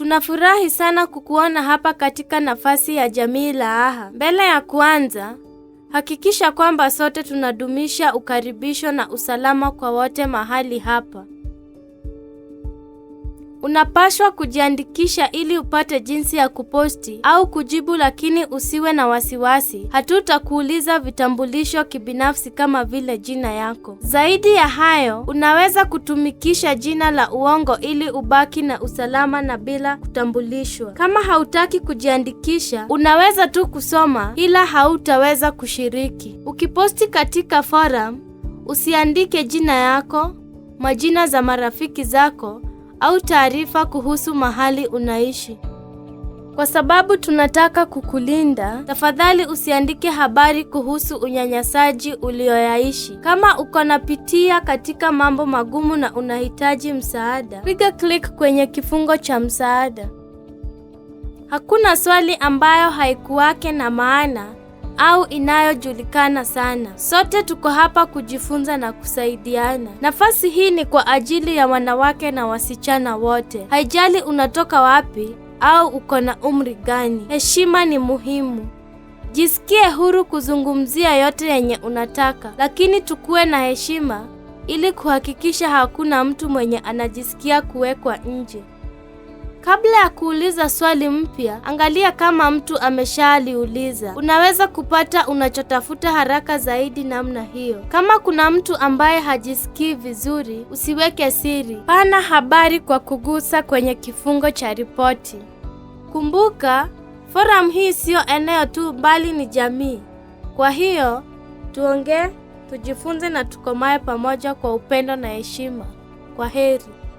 Tunafurahi sana kukuona hapa katika Nafasi ya Jamii la aha Mbele ya kuanza, hakikisha kwamba sote tunadumisha ukaribisho na usalama kwa wote mahali hapa unapashwa kujiandikisha ili upate jinsi ya kuposti au kujibu, lakini usiwe na wasiwasi. Hatutakuuliza vitambulisho kibinafsi kama vile jina yako. Zaidi ya hayo, unaweza kutumikisha jina la uongo ili ubaki na usalama na bila kutambulishwa. Kama hautaki kujiandikisha, unaweza tu kusoma, ila hautaweza kushiriki. Ukiposti katika forum, usiandike jina yako, majina za marafiki zako au taarifa kuhusu mahali unaishi. Kwa sababu tunataka kukulinda, tafadhali usiandike habari kuhusu unyanyasaji ulioyaishi. Kama uko napitia katika mambo magumu na unahitaji msaada, piga click kwenye kifungo cha msaada. Hakuna swali ambayo haikuwake na maana au inayojulikana sana. Sote tuko hapa kujifunza na kusaidiana. Nafasi hii ni kwa ajili ya wanawake na wasichana wote. Haijali unatoka wapi au uko na umri gani. Heshima ni muhimu. Jisikie huru kuzungumzia yote yenye unataka, lakini tukuwe na heshima ili kuhakikisha hakuna mtu mwenye anajisikia kuwekwa nje. Kabla ya kuuliza swali mpya, angalia kama mtu ameshaliuliza. Unaweza kupata unachotafuta haraka zaidi namna hiyo. Kama kuna mtu ambaye hajisikii vizuri, usiweke siri. Pana habari kwa kugusa kwenye kifungo cha ripoti. Kumbuka, forum hii siyo eneo tu bali ni jamii. Kwa hiyo, tuongee, tujifunze na tukomae pamoja kwa upendo na heshima. Kwa heri.